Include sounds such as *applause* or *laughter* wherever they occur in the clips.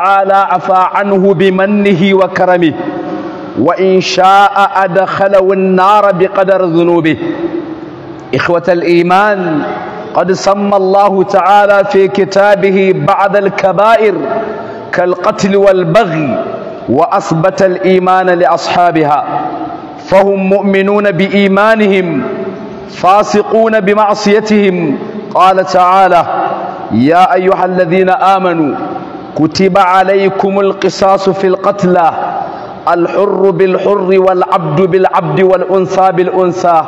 تعالى عفى عنه بمنه وكرمه وإن شاء أدخله النار بقدر ذنوبه إخوة الإيمان قد سمى الله تعالى في كتابه بعض الكبائر كالقتل والبغي وأثبت الإيمان لأصحابها فهم مؤمنون بإيمانهم فاسقون بمعصيتهم قال تعالى يا أيها الذين آمنوا كتب عليكم القصاص في القتلى الحر بالحر والعبد بالعبد والأنثى بالأنثى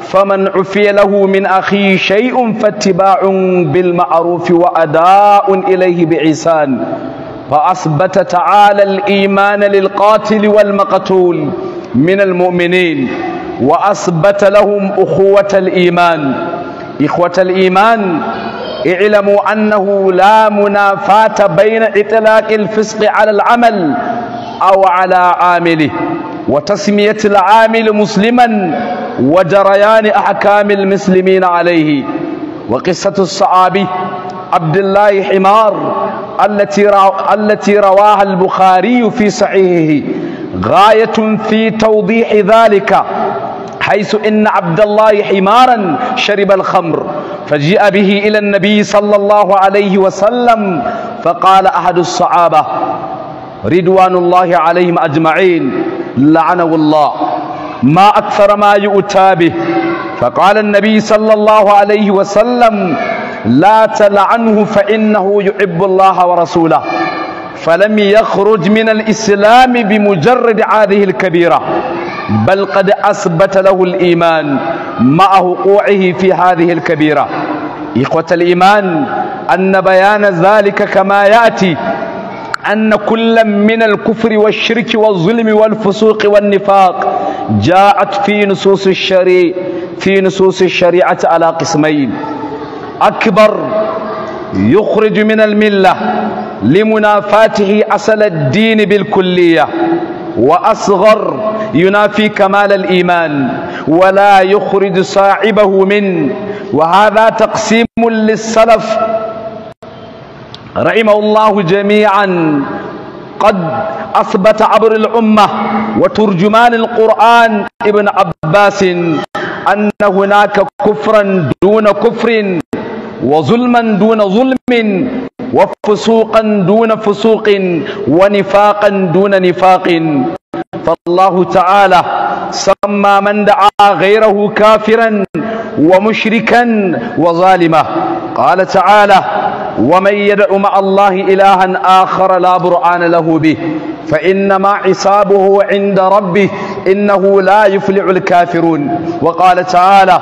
فمن عفي له من أخيه شيء فاتباع بالمعروف وأداء إليه بإحسان فأثبت تعالى الإيمان للقاتل والمقتول من المؤمنين وأثبت لهم أخوة الإيمان إخوة الإيمان اعلموا أنه لا منافاة بين إطلاق الفسق على العمل أو على عامله وتسمية العامل مسلما وجريان أحكام المسلمين عليه وقصة الصحابي عبد الله حمار التي التي رواها البخاري في صحيحه غاية في توضيح ذلك حيث إن عبد الله حمارا شرب الخمر فجيء به إلى النبي صلى الله عليه وسلم فقال أحد الصحابة رضوان الله عليهم أجمعين لعنه الله ما أكثر ما يؤتى به فقال النبي صلى الله عليه وسلم لا تلعنه فإنه يحب الله ورسوله فلم يخرج من الإسلام بمجرد هذه الكبيرة بل قد أثبت له الإيمان مع وقوعه في هذه الكبيرة إخوة الإيمان أن بيان ذلك كما يأتي أن كل من الكفر والشرك والظلم والفسوق والنفاق جاءت في نصوص الشريعة في نصوص الشريعة على قسمين أكبر يخرج من الملة لمنافاته أصل الدين بالكلية وأصغر ينافي كمال الإيمان ولا يخرج صاحبه منه وهذا تقسيم للسلف رحمه الله جميعا قد أثبت عبر الأمة وترجمان القرآن ابن عباس أن هناك كفرا دون كفر وظلما دون ظلم وفسوقا دون فسوق ونفاقا دون نفاق فالله تعالى سمى من دعا غيره كافرا ومشركا وظالما قال تعالى ومن يدع مع الله إلها آخر لا برآن له به فإنما عصابه عند ربه إنه لا يفلع الكافرون وقال تعالى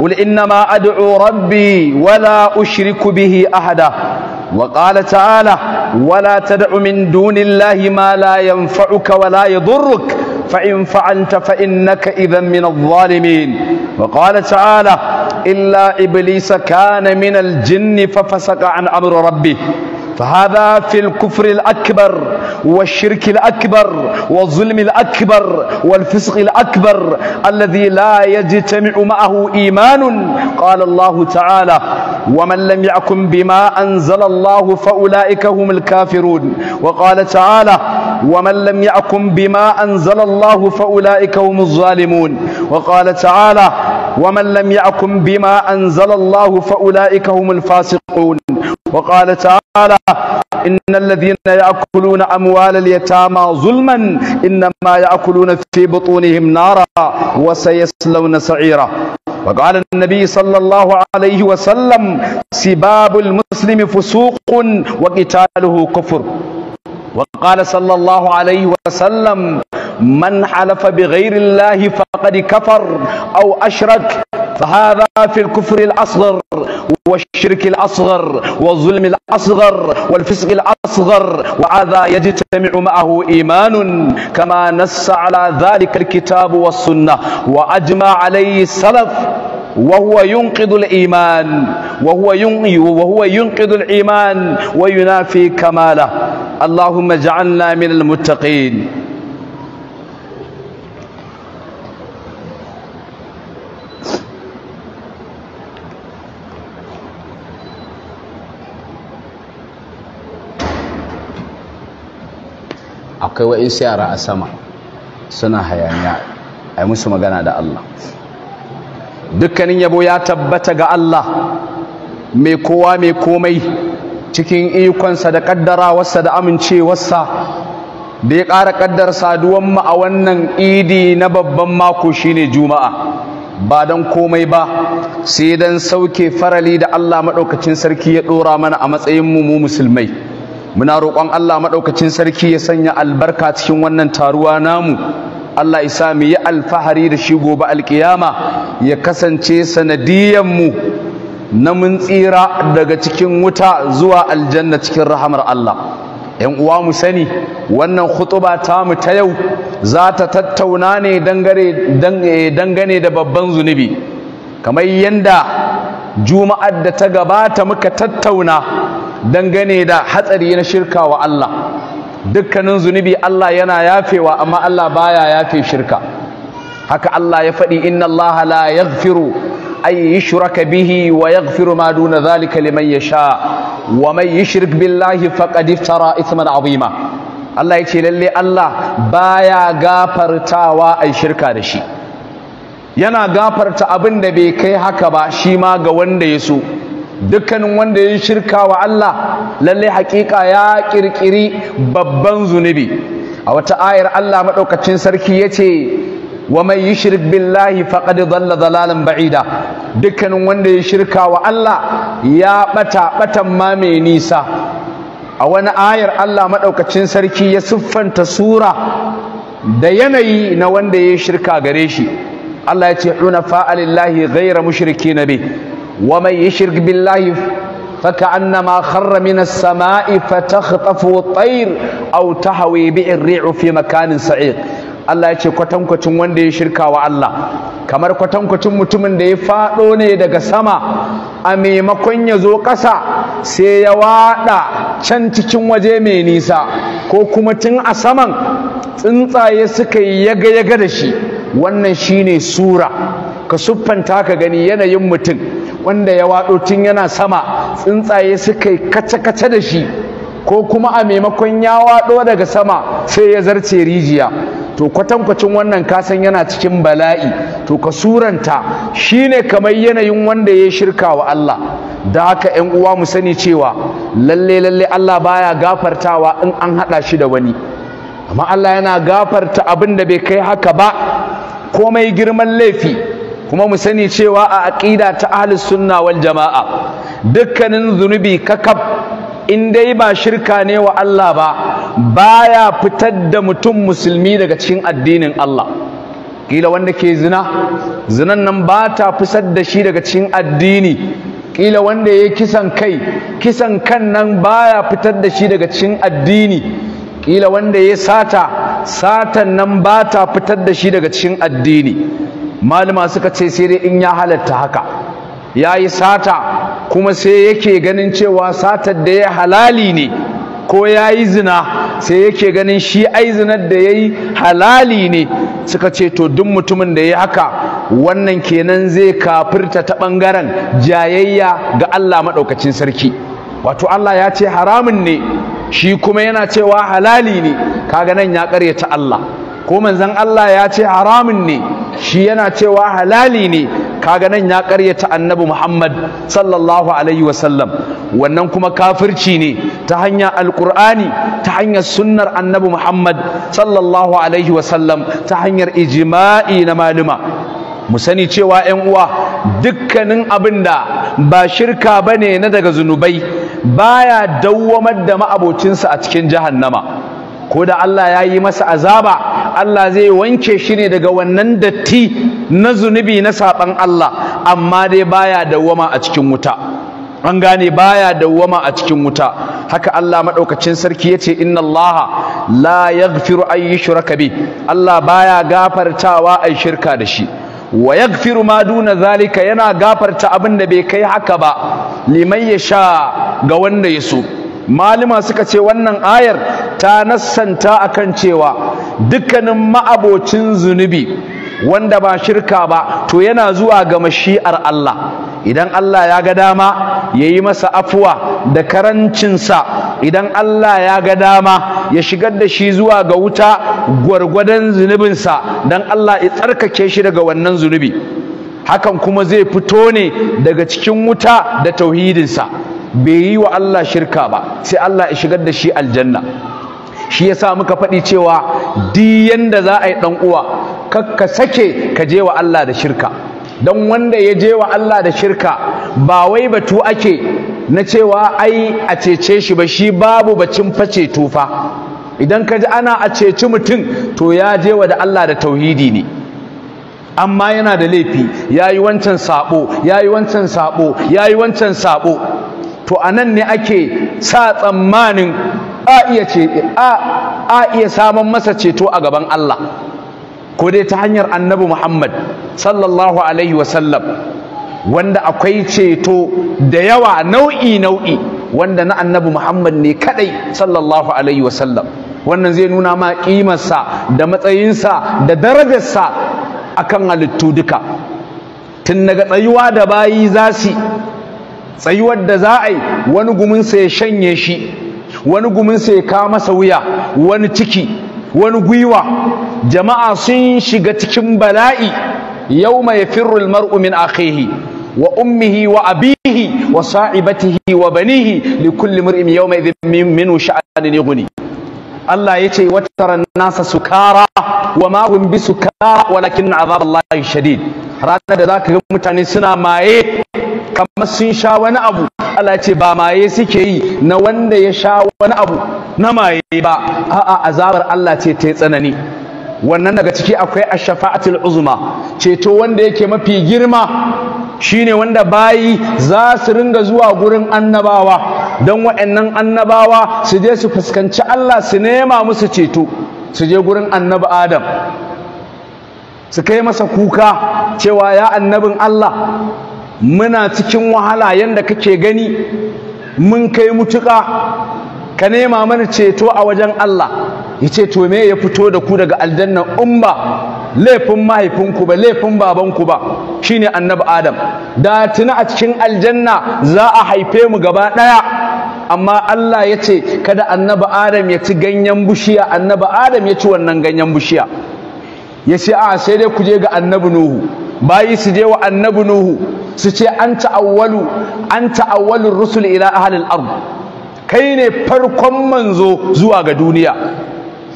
قل إنما أدعو ربي ولا أشرك به أحدا وقال تعالى ولا تدع من دون الله ما لا ينفعك ولا يضرك فإن فعلت فإنك إذا من الظالمين وقال تعالى إلا إبليس كان من الجن ففسق عن أمر ربه فهذا في الكفر الأكبر والشرك الأكبر والظلم الأكبر والفسق الأكبر الذي لا يجتمع معه إيمان قال الله تعالى ومن لم يعكم بما أنزل الله فأولئك هم الكافرون وقال تعالى ومن لم يعكم بما أنزل الله فأولئك هم الظالمون وقال تعالى ومن لم يعكم بما أنزل الله فأولئك هم الفاسقون وقال تعالى إن الذين يأكلون أموال اليتامى ظلما إنما يأكلون في بطونهم نارا وسيسلون سعيرا وقال النبي صلى الله عليه وسلم سباب المسلم فسوق وقتاله كفر وقال صلى الله عليه وسلم من حلف بغير الله فقد كفر أو أشرك فهذا في الكفر الأصغر والشرك الأصغر والظلم الأصغر والفسق الأصغر وهذا يجتمع معه إيمان كما نس على ذلك الكتاب والسنة وأجمع عليه السلف وهو ينقض الإيمان وهو وهو ينقض الإيمان وينافي كماله اللهم اجعلنا من المتقين akwai wa'insu yara a sama suna hayaniya a yi musu magana da Allah dukkanin yabo ya tabbata ga Allah mai kowa mai komai cikin ikonsa da ƙaddarawarsa da amincewarsa da ya ƙara ƙaddar saduwanmu a wannan idi na babban mako shine juma'a ba don komai ba sai don sauke farali da Allah maɗaukacin sarki ya ɗora mana a matsayinmu mu musulmai muna roƙon Allah maɗaukacin sarki ya sanya albarka cikin wannan taruwa namu Allah ya mu yi alfahari da shi gobe alƙiyama ya kasance sanadiyanmu na mun tsira daga cikin wuta zuwa aljanna cikin rahamar Allah ‘yan uwa mu sani wannan khutuba mu ta yau za ta tattauna ne eh, dangane da babban zunubi kamar yanda juma'ar da ta gabata muka tattauna dangane da hatsari na shirka wa Allah dukkanin zunubi Allah yana yafewa amma Allah baya yafe shirka haka Allah ya faɗi inna Allah la yaghfiru ay yushraka bihi wa yaghfiru ma duna dhalika liman yasha wa man yushrik billahi faqad iftara ithman azima Allah ya ce lalle Allah baya gafartawa ay shirka da shi yana gafarta abin da bai kai haka ba shi ma ga wanda ya so dukkanin wanda ya shirka wa Allah lallai hakika ya kirkiri babban zunubi a wata ayar Allah madaukakin sarki yace wa man yushrik billahi faqad dhalla dhalalan ba'ida dukkanin wanda ya shirka wa Allah ya bata batan ma mai nisa a wani ayar Allah madaukakin sarki ya siffanta sura da yanayi na wanda ya shirka gare shi Allah ya ce hunafa lillahi ghayra mushrikin bih ومن يشرك بالله فكأنما خر من السماء فتخطفه الطير أو تهوي به الريع في مكان سعيق Allah ya ce kwatankwacin wanda ya shirka wa Allah kamar kwatankwacin mutumin da ya faɗo ne daga sama a maimakon ya zo ƙasa sai ya waɗa can cikin waje mai nisa ko kuma tun a saman tsuntsaye suka yi yaga-yaga da shi wannan shine sura ka siffanta ka gani yanayin mutum wanda ya waɗo tun yana sama tsuntsaye suka yi kace-kace da shi ko kuma a maimakon ya waɗo daga sama sai ya zarce rijiya to kwatankwacin wannan kasan yana cikin bala'i to ka suranta shine kamar yanayin wanda ya shirka wa Allah da haka ƴan uwa mu sani cewa lalle lalle Allah baya gafartawa in an hada shi da wani amma Allah yana gafarta abin da bai kai haka ba komai girman laifi kuma mu sani cewa a aqida ta ahlus sunna wal jama'a dukkanin zunubi kakab in dai ba shirka ne wa Allah ba baya fitar da mutum musulmi daga cikin addinin Allah kila wanda ke zina zinan nan ba ta fitar da shi daga cikin addini kila wanda ya kisan kai kisan kan nan baya fitar da shi daga cikin addini kila wanda ya sata satan nan ba ta fitar da shi daga cikin addini malama suka ce sai dai in ya halatta haka ya yi sata kuma sai yake ganin cewa satar da ya halali ne ko ya yi zina sai yake ganin shi ai zinar da ya yi halali ne suka ce to duk mutumin da ya yi haka wannan kenan zai kafirta ta ɓangaren jayayya ga Allah maɗaukacin sarki wato Allah ya ce haramun ne shi kuma yana cewa halali ne kaga nan ya ƙaryata Allah ko manzon Allah ya ce haramun ne shi yana cewa halali ne kaga nan ya karyata annabi Muhammad sallallahu alaihi wasallam wannan kuma kafirci ne ta hanyar alqur'ani ta hanyar sunnar annabi Muhammad sallallahu alaihi wasallam ta hanyar ijima'i na maluma mu sani cewa yan uwa dukkanin abinda ba shirka bane na daga zunubai baya dawwamar da ma'abocinsa a cikin jahannama ko da Allah ya yi masa azaba Allah zai wanke shi ne daga wannan datti na zunubi na saɓan Allah amma dai baya dawwama a cikin wuta an gane baya dawwama a cikin wuta haka Allah madaukakin sarki yace inna Allah la yaghfiru ay yushraka bi Allah baya gafartawa ay shirka da shi wa yaghfiru ma duna zalika yana gafarta abin da bai kai haka ba liman yasha ga wanda yaso malima suka ce wannan ayar ta nassanta akan cewa dukkanin ma'abocin zunubi wanda ba shirka ba to yana zuwa ga mashi'ar Allah idan Allah ya ga dama ya yi masa afuwa da karancinsa idan Allah ya ga dama ya shigar da shi zuwa ga wuta gwargwadon zunubinsa don Allah ya tsarkake shi daga wannan zunubi hakan kuma zai fito ne daga cikin wuta da tauhidinsa bai yi wa Allah shirka ba sai Allah ya shigar da shi aljanna shi yasa muka faɗi cewa duk yanda za a yi ɗan uwa kakka sake ka je wa Allah da shirka don wanda ya je wa Allah da shirka ba wai batu ake na cewa ai a cece shi ba shi babu bacin face tufa idan ka ji ana a ceci mutum to ya je wa da Allah da tauhidi ne amma yana da laifi ya yi wancan saɓo, ya yi wancan saɓo, ya yi wancan saɓo. to a nan ne ake sa tsammanin a iya ce a iya samun masa ceto a gaban Allah ko dai ta hanyar annabi Muhammad sallallahu alaihi wasallam wanda akwai ceto da yawa nau'i nau'i wanda na annabi Muhammad ne kadai sallallahu alaihi wasallam wannan zai nuna ma kimarsa da matsayinsa da darajarsa akan halittu duka tun daga tsayuwa da bayi za su tsayuwar da za a yi wani guminsa ya shanye shi wani guminsa ya kawo masa wuya wani ciki wani gwiwa jama'a sun shiga cikin bala'i yau mai firul mar'u min akhihi wa ummihi wa abihi wa sa'ibatihi wa banihi li kulli mar'in yawma idhin minhu sha'anin yughni Allah yace wataran nasa sukara wa ma hum bisukara walakin azaballahi shadid ranar da zaka ga mutane suna maye kamar sun sha wani abu Allah ce ba maye suke yi na wanda ya sha wani abu na maye ba a'a azabar Allah ce ta tsanani wannan daga ciki akwai ash-shafa'atul uzma ceto wanda yake mafi girma shine wanda bayi za su ringa zuwa gurin annabawa don wa'annan annabawa su je su fuskanci Allah su nema musu ceto su je gurin annabi Adam su kai masa kuka cewa ya annabin Allah muna cikin wahala yanda kake gani mun kai mutuƙa ka nema mana ceto a wajen Allah ya ce to me ya fito da ku daga aljanna in ba laifin mahaifinku ba laifin babanku ba shine annabi adam da tuna a cikin aljanna za a haife mu gaba ɗaya amma Allah ya ce kada annabi adam ya ci ganyen bushiya annabi adam ya ci wannan ganyen bushiya ya ce a sai dai ku je ga annabi nuhu bayi su je wa annabi nuhu su ce an ta'awwalu an ta'awwalu rusul ila ahli al-ard kai ne farkon manzo zuwa ga duniya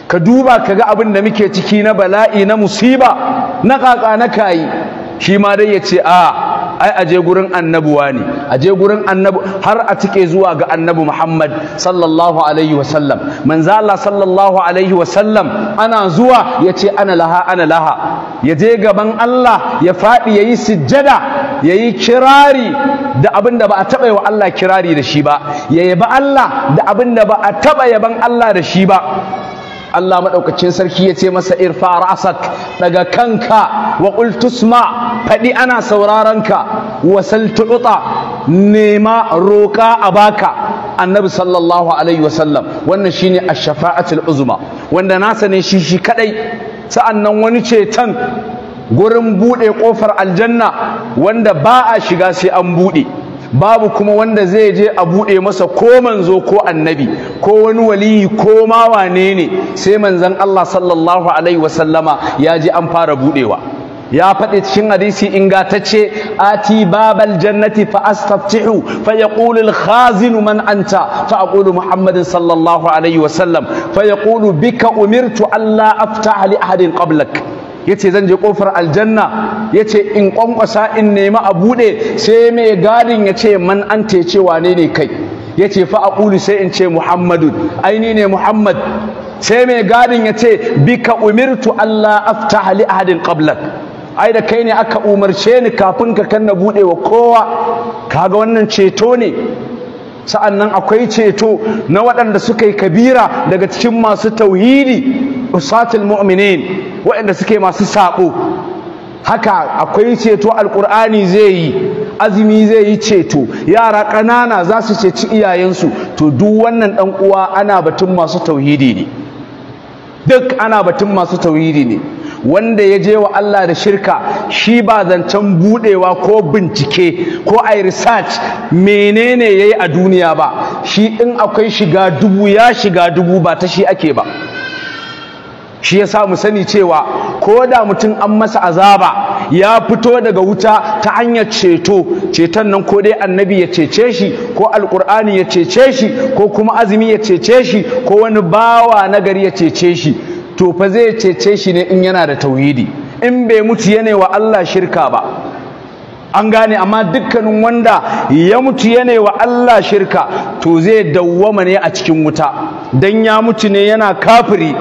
ka duba ka abin da muke ciki na bala'i na musiba na kaka na kayi shi ma dai yace ce a ai aje gurin annabuwa ne aje gurin annabu har a cike zuwa ga annabi Muhammad sallallahu alaihi wasallam manzo Allah sallallahu alaihi wasallam ana zuwa yace ana laha ana laha yaje gaban Allah ya fadi yayi sujjada yayi kirari da abin da ba a taɓa wa Allah kirari da shi ba ya yaba Allah da abin da ba a taɓa yaban Allah da shi ba Allah maɗaukacin sarki ya ce masa irfa ra'sak daga kanka wa tusma faɗi ana sauraron ka wasal nema roƙa a baka annabi sallallahu alaihi wasallam wannan shine ashafa'atul uzma wanda nasa ne shi shi kadai sa'annan wani ceton gurin buɗe ƙofar aljanna wanda ba a shiga sai an buɗe babu kuma wanda zai je a buɗe masa ko manzo ko annabi ko wani waliyi ko ma wane ne sai manzon Allah sallallahu alaihi wasallama ya ji an fara buɗewa ya faɗi cikin hadisi ce, ati babal jannati fa astaftihu fa yaqulu al khazin man anta fa aqulu muhammadin sallallahu alaihi wasallam fa yaqulu bika umirtu alla afta li ahadin qablak yace zan je kofar aljanna yace in kwankwasa in nemi a bude sai mai gadin yace man ante cewa ne ne kai yace fa aqulu sai in ce muhammadun aini ne muhammad sai mai gadin yace bika umirtu allah aftaha li ahadin qablak ai da kai ne aka umarce ni kafin ka kanna bude wa kowa kaga wannan ceto ne sa'an nan akwai ceto na waɗanda suka yi kabira daga cikin masu tauhidi usatul mu'minin waɗanda suke masu saɓo haka akwai ceto alƙur'ani zai yi azumi zai yi ceto yara ƙanana za su ceci iyayensu to duk wannan ɗan uwa ana batun masu tauhidi ne duk ana batun masu tauhidi ne wanda ya je wa Allah da shirka shi ba zancen buɗewa ko bincike ko a research menene ya yi a duniya ba shi in akwai shiga dubu ya shiga dubu ba ta shi ake ba shi yasa mu sani cewa ko da mutum an masa azaba ya fito daga wuta ta hanyar ceto ceton nan ko dai annabi ya cece shi ko alkur'ani ya cece shi ko kuma azumi ya cece shi ko wani bawa na gari ya cece shi to fa zai cece shi ne in yana da tauhidi in bai mutu yana wa Allah shirka ba an gane amma dukkanin wanda ya mutu yana wa Allah shirka to zai dawwama ne a cikin wuta dan ya mutu ne yana kafiri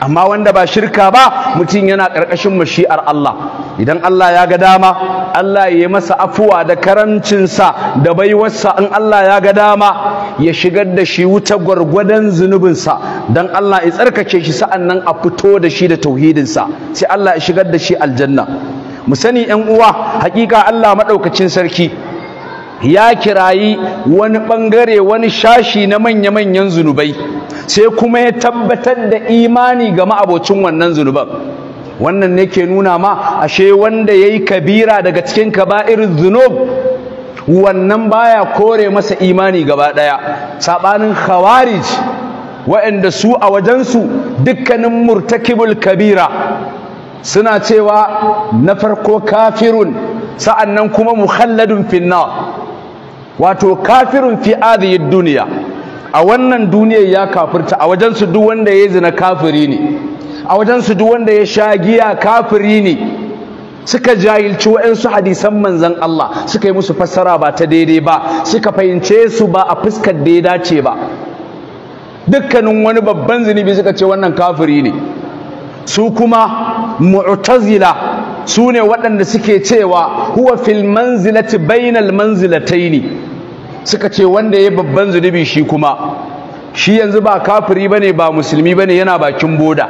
amma wanda ba shirka ba mutum yana ƙarƙashin mashi'ar Allah idan Allah ya ga dama Allah ya yi masa afuwa da karancinsa da baiwarsa in Allah ya ga dama ya shigar da shi wuta gwargwadon zunubinsa don Allah ya tsarkace shi sa'an nan a fito da shi da tauhidinsa sai Allah ya shigar da shi aljanna mu sani 'yan uwa hakika Allah maɗaukacin sarki ya kirayi wani bangare wani shashi na manya-manyan zunubai sai kuma ya tabbatar da imani ga ma'abocin wannan zunuban wannan ne ke nuna ma ashe wanda ya yi kabira daga cikin kaba'irin zunub wannan baya kore masa imani gaba ɗaya saɓanin khawarij waɗanda su a wajensu dukkanin murtakibul kabira suna cewa na farko kafirun sa'annan kuma mukhalladun finna wato kafirin fi adiyar duniya a wannan duniyar ya kafirta a wajen su duk wanda ya zina kafiri ne a wajen su duk wanda ya sha giya kafiri ne suka jahilci waɗansu hadisan manzan Allah suka yi musu fassara ba ta daidai ba suka fahimce su ba a fuskar da ya dace ba dukkanin wani babban zunubi suka ce wannan kafiri ne su kuma mu'tazila su ne waɗanda suke cewa huwa fil manzilati bainal manzilataini suka ce wanda ya babban zunubi shi kuma shi yanzu ba kafiri bane ba musulmi bane yana bakin boda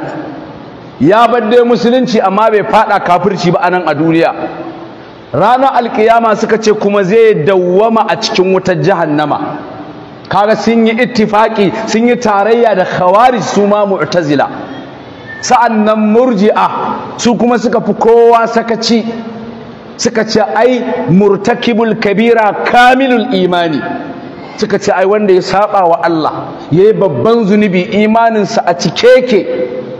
ya badde musulunci amma bai fada kafirci ba anan a duniya ranar alkiyama suka ce kuma zai dawwama a cikin wutar jahannama kaga sun yi ittifaki sun yi tarayya da khawarij su ma mu'tazila sa'annan murji'a su kuma suka fi kowa sakaci suka ce ai murtakibul kabira kamilul imani suka ce ai wanda ya saba wa Allah yayi babban zunubi imaninsa a cike ke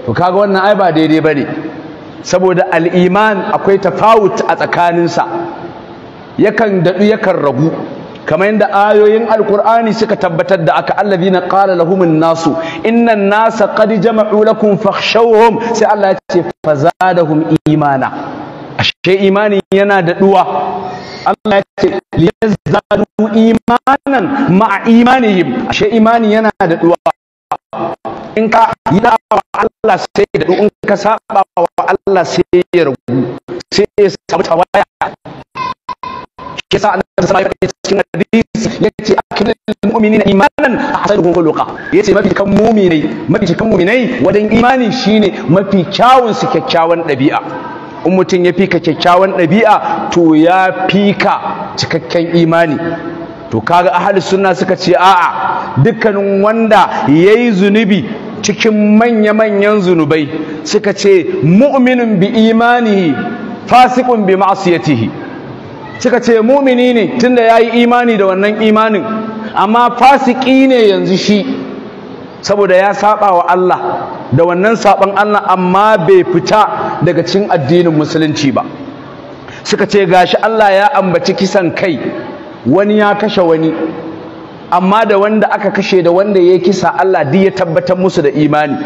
to kaga wannan ai ba daidai bane saboda al-iman akwai tafawut a tsakaninsa yakan daɗu yakan ragu kamar yadda ayoyin alkur'ani suka tabbatar da aka alladhina qala lahumun nasu innan nasa qad jama'u lakum fakhshawhum sai Allah ya ce fazadahum imana ashe imani yana da duwa Allah ya ce liyazdadu imanan ma'a imanihim ashe imani yana da duwa in ka yi wa Allah sai da in ka saba wa Allah sai ya ragu sai ya samu tawaya ke sa da sama ya faɗi cikin hadisi yace akmal mu'minina imanan ahsanuhum khuluqa yace mafi kan mu'minai mafi kan mu'minai wajen imani shine mafi kyawun su kyakkyawan ɗabi'a in mutum ya fika kyakkyawan ɗabi'a to ya fika cikakken imani to kaga ahlus sunna suka ce a'a dukkanin wanda yayi zunubi cikin manya-manyan zunubai suka ce mu'minun bi imani fasikun bi ma'siyatihi suka ce mumini ne tunda ya yi imani da wannan imanin amma fasiki ne yanzu shi saboda ya saba wa Allah da wannan saban Allah amma bai fita daga cikin addinin musulunci ba suka ce gashi Allah ya ambaci kisan kai wani ya kashe wani amma da wanda aka kashe da wanda ya kisa Allah duk ya tabbatar musu da imani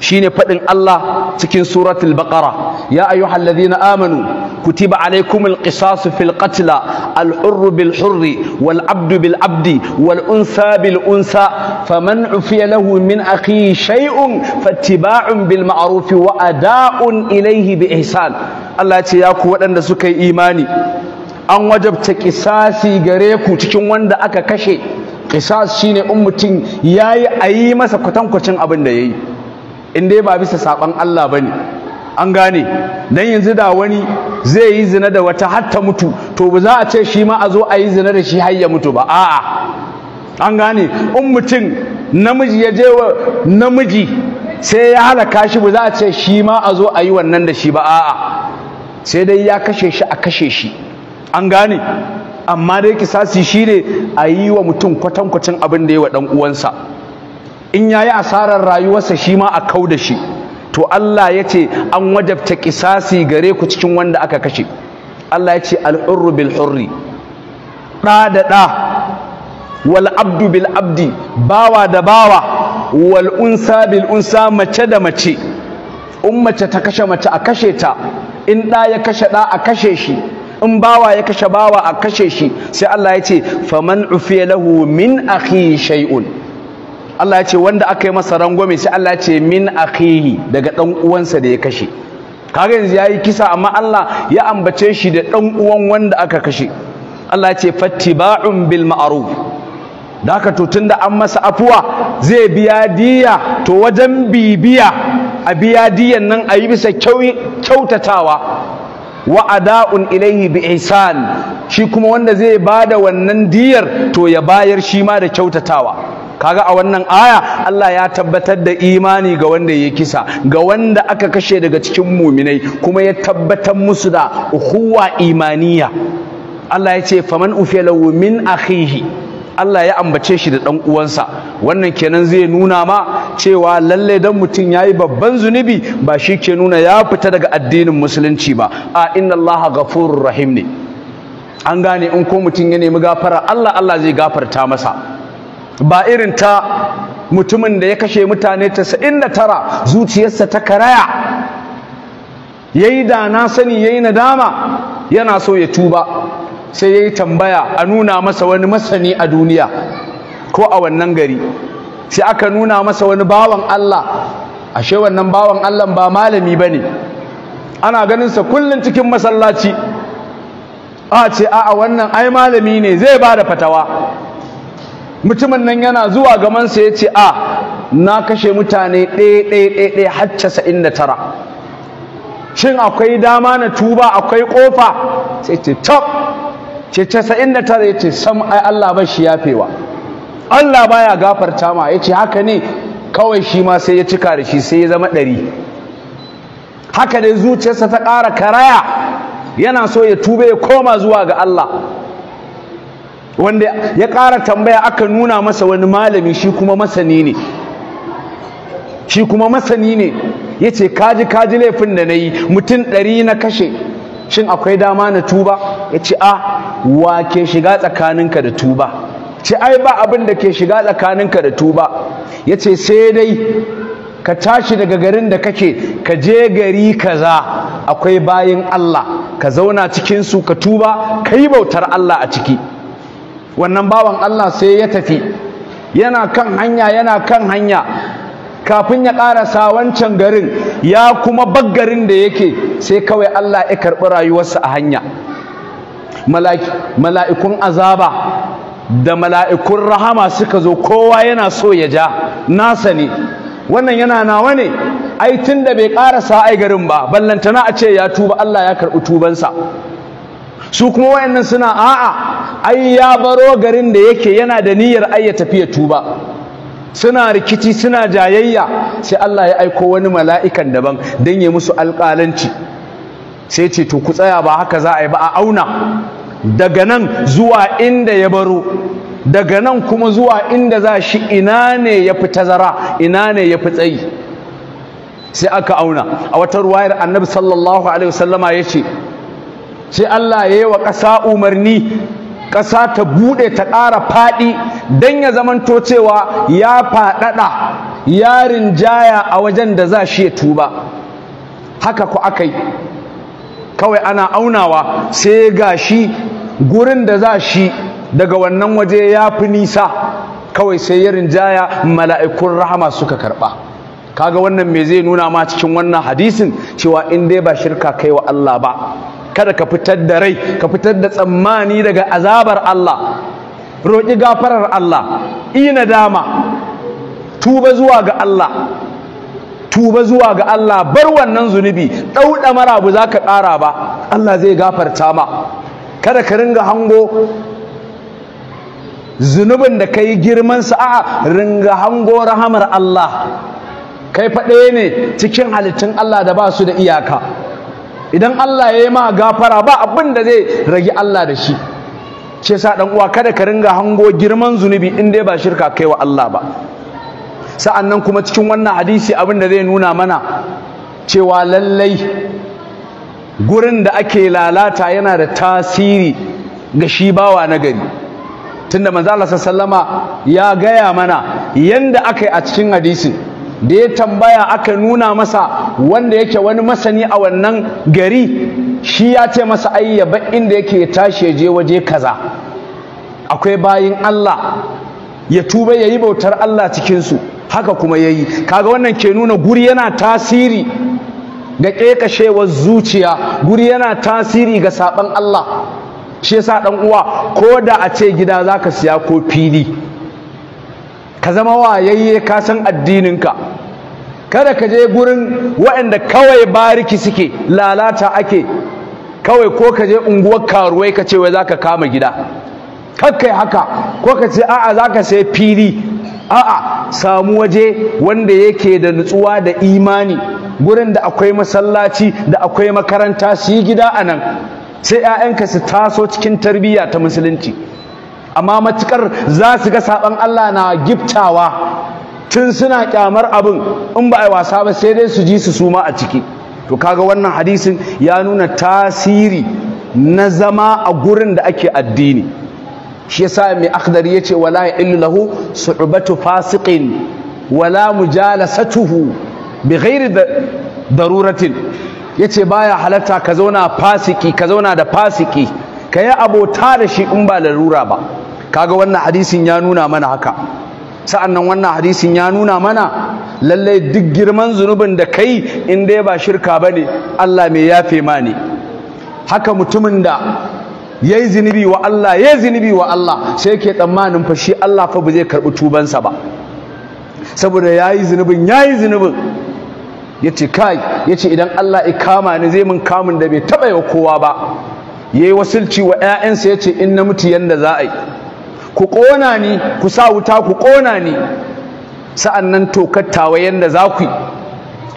shine faɗin Allah cikin suratul baƙara. ya ayyuhal ladina amanu kutiba alaykumul qisas fil qatl al bil hurri, wal abdu bil abdi, wal unsa bil unsa man ufiya lahu min akhihi shay'un fattiba'un bil ma'ruf wa ada'un ilaihi bi ihsan Allah ce ya ku wadanda suka yi imani an wajabta ƙisasi gare ku cikin wanda aka kashe qisas shine ummutin yayi yi masa kutankucin abin da yayi in dai ba bisa saban Allah bane an gane dan yanzu da wani zai yi zina da wata har ta mutu to ba za a ce shi ma a zo a yi zina da shi har ya mutu ba a'a an gane in mutum namiji ya je wa namiji sai ya halaka shi ba za a ce shi ma a zo a yi wannan da shi ba a'a sai dai ya kashe shi a kashe shi an gane amma dai kisasi shine a yi wa mutum kwatankwacin abin da ya wa ɗan uwansa in yayi asarar rayuwarsa shi ma a kau da shi to Allah ya ce an wajabta kisasi gare ku cikin wanda aka kashe Allah ya ce al'urru bil hurri ɗa da ɗa wal abdu bil abdi bawa da bawa wal unsa bil unsa mace da mace in mace ta kashe mace a kashe ta in ɗa ya kashe ɗa a kashe shi in bawa ya kashe bawa a kashe shi sai Allah ya ce faman ufiya lahu min akhi shay'un Allah ya ce wanda aka yi masa rangwame sai Allah ya ce min akhihi daga dan uwansa da ya kashe kaga yanzu yayi kisa amma Allah ya ambace shi da dan uwan wanda aka kashe Allah ya ce fattiba'un bil ma'ruf da haka to tunda an masa afuwa zai biya diya to wajen bibiya a biya diyan nan a yi bisa kyautatawa wa ada'un ilaihi bi ihsan shi kuma wanda zai bada wannan diyar to ya bayar shi ma da kyautatawa kaga a wannan aya Allah ya tabbatar da imani ga wanda ya kisa ga wanda aka kashe daga cikin muminai kuma ya tabbatar musu da uhuwa imaniya Allah ya ce faman ufiya lahu min akhihi Allah ya ambace shi da ɗan uwansa wannan kenan zai nuna ma cewa lalle dan mutum yayi babban zunubi ba shi ke nuna ya fita daga addinin musulunci ba a inna Allah ghafurur rahim ne an gane in ko mutum ya nemi gafara Allah Allah zai gafarta masa ba irin ta mutumin da ya kashe mutane tara zuciyarsa ta karaya yayi da na sani yayi nadama yana so ya tuba sai ya yi tambaya a nuna masa wani masani a duniya ko a wannan gari sai aka nuna masa wani bawan Allah ashe wannan bawan Allah ba malami ba ne. ana ganin sa kullum cikin masallaci a ce a'a wannan ai malami ne zai ba da fatawa mutumin nan yana zuwa gamansa ya ce a na kashe mutane ɗaya ɗaya ɗaya har casa'in da tara shin akwai dama na tuba akwai ƙofa sai ce top. ce casa'in da tara ya ce sam ai Allah ba shi yafewa Allah baya gafarta ma ya ce haka ne kawai shi ma sai ya cika da shi sai ya zama ɗari haka dai zuciyarsa ta ƙara karaya yana so ya tuba ya koma zuwa ga Allah wanda ya ƙara tambaya aka nuna masa wani malami shi kuma masani ne shi kuma masani ne ya ce kaji kaji laifin da na yi mutum ɗari na kashe shin akwai dama na tuba ya ce a wa ke shiga tsakaninka da tuba ce ai ba abin da ke shiga tsakaninka da tuba ya ce sai dai ka tashi daga garin da kake ka je gari kaza akwai bayin Allah ka zauna cikinsu ka tuba ka yi bautar Allah a ciki wannan bawan Allah sai ya tafi yana kan hanya yana kan hanya kafin ya ƙarasa wancan garin ya kuma baggarin da yake sai kawai Allah ya karɓi rayuwarsa a hanya mala'ikun azaba da mala'ikun rahama suka zo kowa yana so ya ja nasa ne wannan yana nawa ne ai tun da bai ƙarasa ai garin ba ballantana a ce ya tuba Allah ya karɓi tubansa su kuma wayannan suna a'a ai ya baro garin da yake yana da niyyar ayya tafiya tuba suna rikici suna jayayya sai Allah ya aiko wani mala'ikan daban dan ya musu alƙalanci sai ce to ku tsaya ba haka za a yi ba a auna daga nan zuwa inda ya baro daga nan kuma zuwa inda za shi ina ne ya fi tazara ina ne ya fi tsayi sai aka auna a wata ruwayar annabi sallallahu alaihi wasallama ya ce sai Allah ya yi wa ƙasa umarni ƙasa ta buɗe ta ƙara faɗi don ya zamanto cewa ya faɗaɗa ya rinjaya a wajen da za shi ya tuba haka ku aka yi kawai ana aunawa sai ga shi gurin da za shi daga wannan waje ya fi nisa kawai sai ya rinjaya mala'ikun rahama suka karɓa kaga wannan me zai nuna ma cikin wannan hadisin cewa in dai ba shirka kai wa Allah ba kada ka fitar da rai ka fitar da tsammani daga azabar Allah roƙi gafarar Allah ina nadama, tuba zuwa ga Allah tuba zuwa ga Allah bar wannan zunubi ɗauɗa mara bu za ka ƙara ba Allah zai gafarta ma kada ka ringa hango zunubin da kai girman sa'a ringa hango rahamar Allah kai faɗe ne cikin halittun Allah da ba su da iyaka idan Allah ya yi ma gafara ba abin da zai ragi Allah da shi ce sa dan uwa kada ka ringa hango girman zunubi in dai ba shirka kai wa Allah ba sa'annan kuma cikin wannan hadisi abin da zai nuna mana cewa lallai gurin da ake lalata yana da tasiri ga shi bawa na gari tunda manzo Allah sallama ya gaya mana yanda aka a cikin hadisin da ya tambaya aka nuna masa wanda yake wani masani a wannan gari shi ya ce masa ai ya ba inda yake ya tashi ya je waje kaza akwai bayin Allah ya tuba ya yi bautar Allah cikinsu haka kuma ya yi kaga wannan ke nuna guri yana tasiri ga ƙeƙashewar zuciya guri yana tasiri ga saɓan Allah shi yasa ɗan uwa ko da a ce gida za ka siya ko fili ka zama wayayye ka san addininka kada ka je gurin waɗanda kawai bariki suke lalata ake kawai ko ka je unguwar karuwai ka ce wai za ka kama gida kakkai haka ko ka ce a'a za ka sai fili a'a samu waje wanda yake da nutsuwa da imani gurin da akwai masallaci da akwai makaranta su yi gida a nan sai 'ya'yanka su taso cikin tarbiyya ta musulunci amma matukar za su ga saban Allah na giftawa tun suna kyamar abin in ba a yi wasa ba sai dai su ji su suma a ciki to kaga wannan hadisin ya nuna tasiri na zama a gurin da ake addini shi yasa mai akhdari yace wala illu lahu su'batu fasiqin wala mujalasatuhu da daruratin yace baya halatta ka zauna fasiki ka zauna da fasiki ka yi abota da shi in ba larura ba kaga wannan hadisin ya nuna mana haka sa'annan wannan hadisin ya nuna mana lallai duk girman zunubin da kai in dai ba shirka bane Allah mai yafe ma ne haka mutumin da yayi zunubi wa Allah yayi zunubi wa Allah sai yake tsammanin fa shi Allah fa ba zai karbi tubansa ba saboda yayi zunubin yayi zunubin yace kai yace idan Allah ya kama ni zai mun kamun da bai taba yi kowa ba yayi wasulci wa ƴaƴansa yace in na mutu yanda za a yi ku ƙona ni ku sa wuta ku ƙona ni sa'an nan tokattawa yadda za ku yi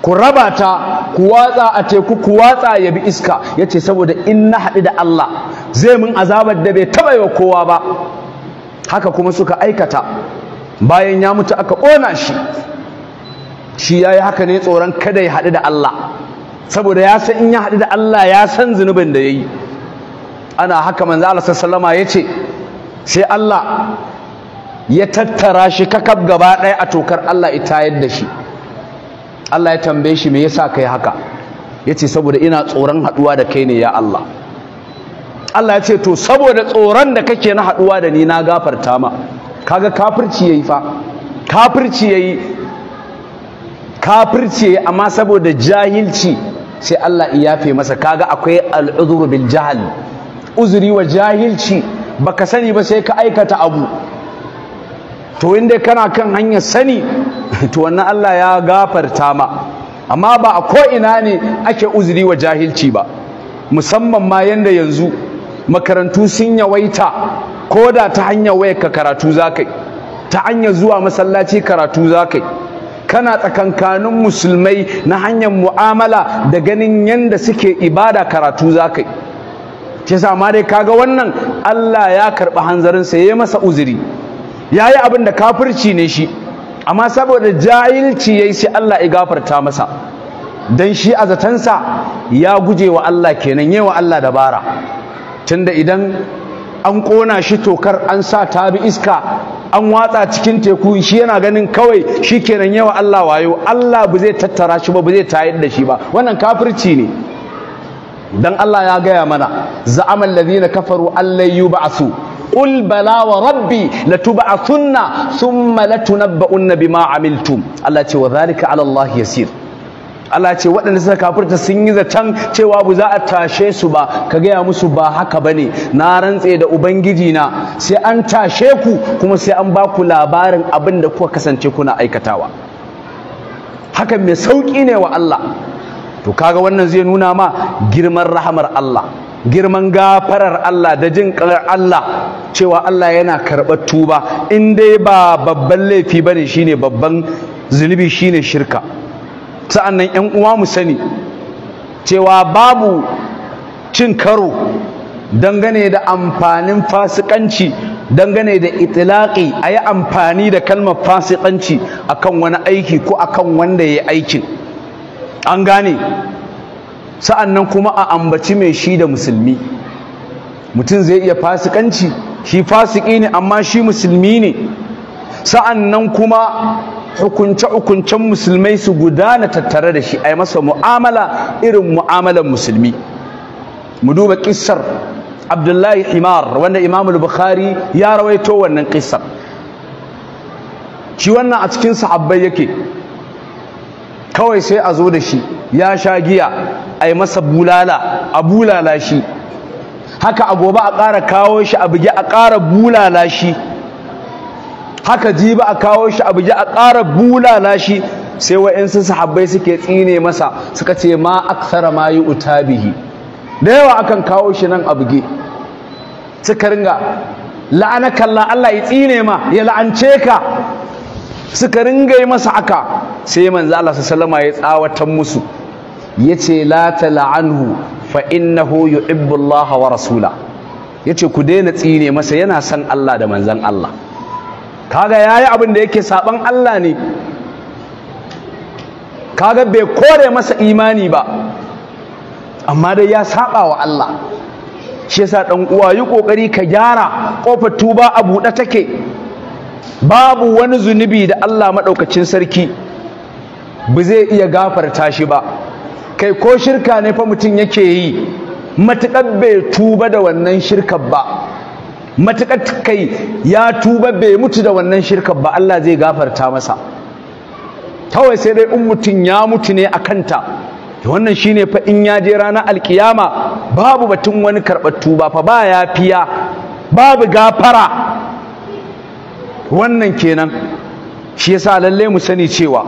ku raba ta ku watsa a teku ku watsa ya bi iska ya ce saboda in na haɗu da Allah zai mun azabar da bai taɓa yi wa kowa ba haka kuma suka aikata bayan ya mutu aka ƙona shi shi ya yi haka ne tsoron kada ya haɗu da Allah saboda ya san in ya haɗu da Allah ya san zunubin da ya yi ana haka manzo Allah sallama ya ce sai Allah ya tattara shi kakab gaba ɗaya a tokar Allah ita yadda da shi Allah ya tambaye shi me yasa kai haka yace saboda ina tsoron haduwa da kai ne ya Allah Allah ya ce to saboda tsoron da kake na haduwa da ni na gafarta ma kaga kafirci yayi fa kafirci yayi kafirci yayi amma saboda jahilci sai Allah ya yafe masa kaga akwai al'udhru bil jahl uzuri wa jahilci Ba ka sani ba sai ka aikata abu to inda kana kan hanyar sani *laughs* to wannan Allah ya gafarta ma amma ba a ko ina ne ake uzuri wa jahilci ba musamman ma yanda yanzu makarantu sun yawaita ko da ta hanyar wayar ka karatu zakai ta hanyar zuwa masallaci karatu zakai kana tsakankanin musulmai na hanyar mu'amala da ganin yanda suke ibada karatu zakai ce sa ma dai kaga wannan Allah ya karɓi hanzarinsa ya yi masa uzuri ya yi abin da kafirci ne shi amma saboda jahilci ya yi sai Allah ya gafarta masa don shi a zatansa ya guje wa Allah kenan yi wa Allah dabara tunda idan an ƙona shi tokar an sa ta bi iska an watsa cikin teku shi yana ganin kawai shi kenan yawa Allah wayo Allah ba zai tattara shi ba ba zai tayar da shi ba wannan kafirci ne dan Allah ya gaya mana za'amal ladina kafaru allai yub'asu qul bala wa rabbi latub'athunna thumma latunabba'unna bima amiltum Allah ce wa zalika ala Allah yasir Allah ce waɗanda suka kafirta sun yi zaton cewa ba za a tashe su ba ka gaya musu ba haka bane na rantse da ubangiji na sai an tashe ku kuma sai an ba ku labarin abin da kuka kasance kuna aikatawa hakan mai sauƙi ne wa Allah to kaga wannan zai nuna ma girman rahamar Allah girman gafarar Allah da jin Allah cewa Allah yana karɓar tuba in dai ba babban laifi ba bane shine babban zunubi shine shirka sa'annan 'yan uwa mu sani cewa babu cin karo dangane da amfanin fasikanci dangane da itilaki a yi amfani da kalmar fasikanci akan wani aiki ko akan wanda ya yi aikin an gane sa'annan kuma a ambaci mai shi da musulmi mutum zai iya fasikanci shi fasiki ne amma shi musulmi ne sa'annan kuma hukunce-hukuncen musulmai su guda na tattare da shi a yi masa mu'amala irin mu'amalan musulmi mu duba kissar abdullahi himar wanda imamul bukhari ya rawaito wannan kissar shi wannan a cikin sahabbai yake kawai sai a zo da shi ya sha giya ai masa bulala a bulala shi haka a gobe a ƙara kawo shi a bugi a ƙara bulala shi haka jibi a kawo shi a bugi a ƙara bulala shi sai wa'insu sahabbai suke tsine masa suka ce ma aksara ma yi utabihi da yawa akan kawo shi nan a bugi suka ringa la'anakalla Allah ya tsine ma ya la'ance ka suka ringa yi masa haka sai manzo Allah sallama ya tsawatan musu yace la tal'anhu fa innahu yuhibbu Allah wa rasula yace ku daina tsine masa yana san Allah da manzon Allah kaga yayi abin da yake saban Allah ne kaga bai kore masa imani ba amma dai ya saba wa Allah shi yasa dan uwa yi kokari ka gyara kofar tuba a buɗe take babu wani zunubi da Allah maɗaukacin sarki ba zai iya gafarta shi ba kai ko shirka ne fa mutum yake yi matuƙar bai tuba da wannan shirkar ba matuƙar kai ya tuba bai mutu da wannan shirkar ba Allah zai gafarta masa kawai sai dai in mutum ya mutu ne a kanta wannan shine fa in ya je ranar alkiyama babu batun wani karɓar tuba fa ba ya fiya babu gafara wannan kenan shi yasa lalle mu sani cewa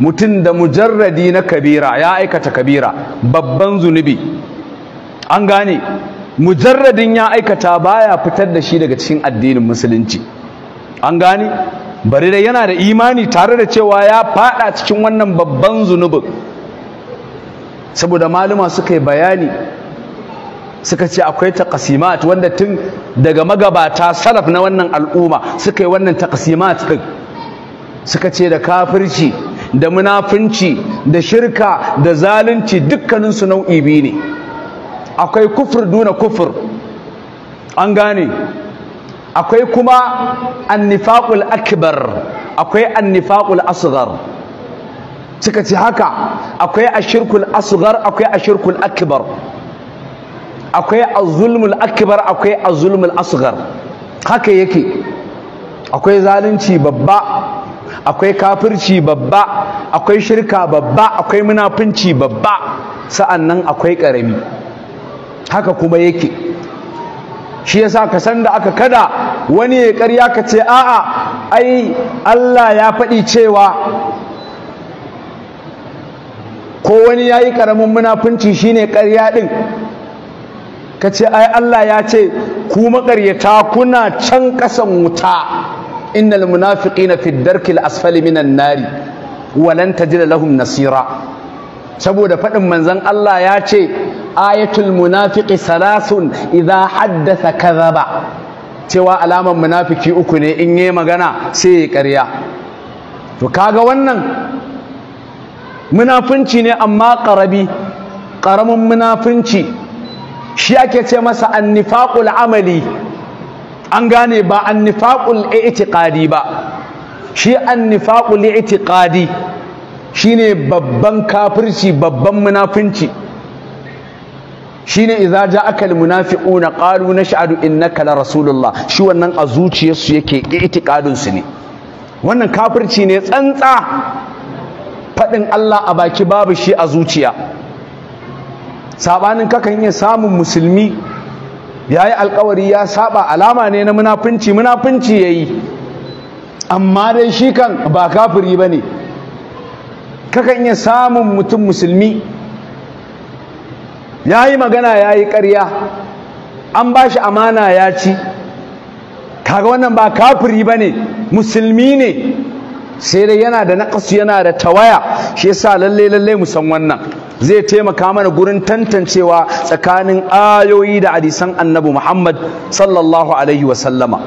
mutum da mujarradi na kabira ya aikata kabira babban zunubi an gane mujarradin ya aikata baya fitar da shi daga cikin addinin musulunci an gane bari da yana da imani tare da cewa ya fada cikin wannan babban zunubin saboda maluma suka yi bayani suka ce akwai taqsimat wanda tun daga magabata salaf na wannan al'umma suka yi wannan taqsimat din suka ce da kafirci da munafunci da shirka da zalunci dukkaninsu nau'i biyu ne akwai kufur duna kufur an gane akwai kuma annifaqul akbar akwai annifaqul asghar suka ce haka akwai ashirkul asghar akwai ashirkul akbar akwai azulmul akbar akwai azulmul asghar haka yake akwai zalunci babba akwai kafirci babba akwai shirka babba akwai munafunci babba sa'annan akwai karami haka kuma yake shi yasa ka san da aka kada wani ya karya ka ce a'a ai Allah ya faɗi cewa ko wani ya yi ƙaramin munafunci shine ƙarya ɗin ka ce ai Allah ya ce ku maƙaryata kuna can ƙasan wuta innal munafiqina fi al asfali minan nari walan tajida lahum nasira saboda faɗin manzon Allah ya ce ayatul munafiqi salasun idza haddatha kadhaba cewa alaman munafiki uku ne in yi magana sai ya ƙarya to kaga wannan munafunci ne amma ƙarabi ƙaramin munafunci shi ake ce masa annifaqul amali an gane ba annifaqul i'tiqadi ba shi annifaqul i'tiqadi shine babban kafirci babban munafinci shine idza ja'aka almunafiquna qalu nash'adu innaka la rasulullah shi wannan a zuciyarsu yake i'tiqadin su ne wannan kafirci ne tsantsa fadin Allah a baki babu shi a zuciya sabanin kakan iya samun musulmi ya yi alkawari ya saba alama ne na munafunci munafunci ya yi amma dai shi kan ba kafiri ba ne kakan iya samun mutum musulmi ya yi magana ya yi ƙarya an ba shi amana ya ci kaga wannan ba kafiri ba ne musulmi ne sai dai yana da naƙasu yana da tawaya shi yasa lalle lalle mu san wannan zai taimaka mana gurin tantancewa tsakanin ayoyi da hadisan annabi Muhammad sallallahu alaihi wa sallama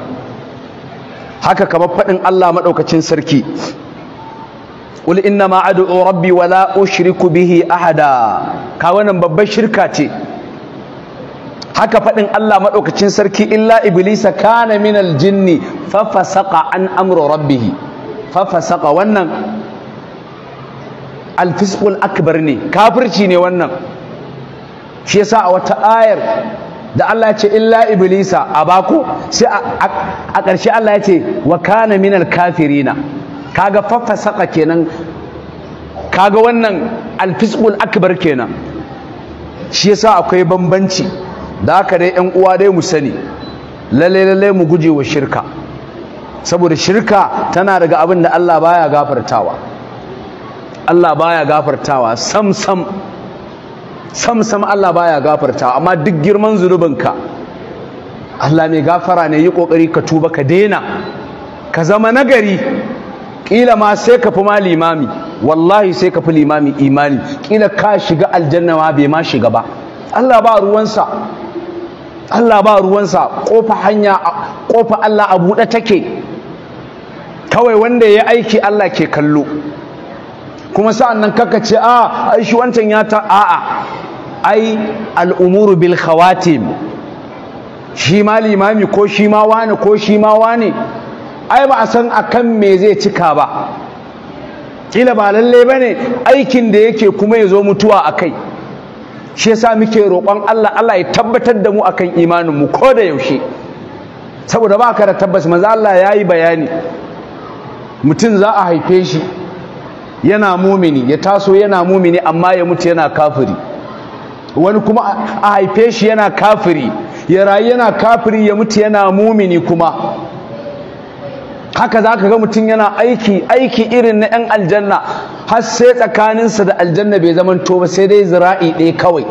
haka kamar faɗin Allah maɗaukacin sarki qul inna ma ad'u rabbi wa la ushriku bihi ahada ka wannan babbar shirka ce haka faɗin Allah maɗaukacin sarki illa iblisa kana minal jinni fa fasaqa an amru rabbih fa fasaqa wannan alfisqul akbar ne kafirci ne wannan shi yasa a wata ayar da Allah ya ce illa iblisa abako sai a ƙarshe Allah ya ce wa kana minal kafirina kaga faffasaka kenan kaga wannan alfisqul akbar kenan shi yasa akwai bambanci da haka dai ƴan uwa dai mu sani lalle lalle mu guje wa shirka saboda shirka tana daga abin da Allah baya gafartawa Allah baya gafartawa sam sam sam sam Allah baya gafartawa amma duk girman zunubinka Allah mai gafara ne yi kokari ka tuba ka daina ka zama nagari kila ma sai ka fi ma limami wallahi sai ka fi limami imani kila ka shiga aljanna ma bai ma shiga ba Allah ba ruwansa Allah ba ruwansa kofa hanya kofa Allah a buɗe take kawai wanda ya aiki Allah ke kallo kuma sa'an nan kaka ce a ah, ai shi wancan ya ta a'a ai al'umuru bil khawatim shi ma limami ko shi ma wani ko shi ma wani ai ba a san akan me zai cika ba kila ba lalle bane aikin da yake kuma ya zo mutuwa akai shi yasa muke roƙon Allah Allah ya tabbatar da mu akan imanin mu ko da yaushe saboda ba ka da tabbas manzo Allah yayi bayani mutum za a haife shi yana mumini ya taso yana mumini amma ya mutu yana kafiri wani kuma a haife shi yana kafiri ya rayu yana kafiri ya mutu yana mumini kuma haka za ka ga mutum yana aiki aiki irin na 'yan aljanna har sai tsakaninsa da aljanna bai zamanto ba sai dai zira'i ɗaya kawai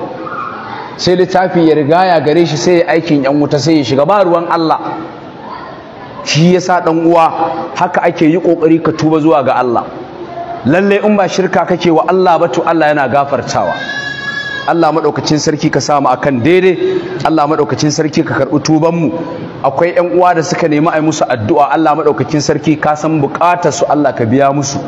sai littafi ya riga ya gare shi sai ya aikin 'yan wuta sai ya shiga ba ruwan Allah shi yasa ɗan uwa haka ake yi ƙoƙari ka tuba zuwa ga Allah Lallai in ba shirka kake wa Allah ba to Allah yana gafartawa Allah madaukakin sarki ka samu akan daidai Allah madaukakin sarki ka karɓi tuban mu akwai ƴan uwa da suka nemi ai musu addu'a Allah maɗaukacin sarki ka san buƙatar su Allah ka biya musu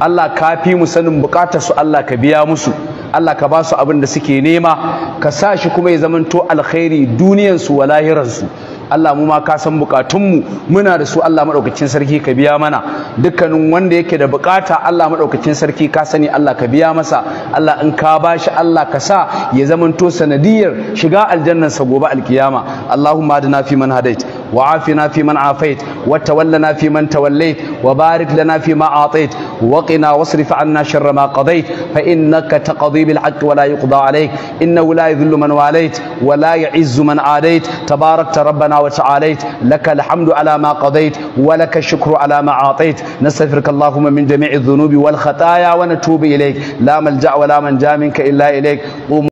Allah ka fi mu sanin buƙatar su Allah ka biya musu Allah ka ba su abin da suke nema ka sa shi kuma ya zamanto alkhairi duniyarsu wa lahiransu Allah mu ma ka san bukatunmu muna da su Allah madaukakin sarki ka biya mana dukkanin wanda yake da bukata Allah madaukakin sarki ka sani Allah ka biya masa Allah in ka bashi Allah ka sa ya zamanto sanadiyar shiga aljannansa gobe alkiyama Allahumma adina fi man hadait وعافنا فيمن عافيت وتولنا فيمن توليت وبارك لنا فيما أعطيت وقنا واصرف عنا شر ما قضيت فإنك تقضي بالحق ولا يقضى عليك إنه لا يذل من واليت ولا يعز من عاديت تباركت ربنا وتعاليت لك الحمد على ما قضيت ولك الشكر على ما أعطيت نستغفرك اللهم من جميع الذنوب والخطايا ونتوب إليك لا ملجأ ولا منجا منك إلا إليك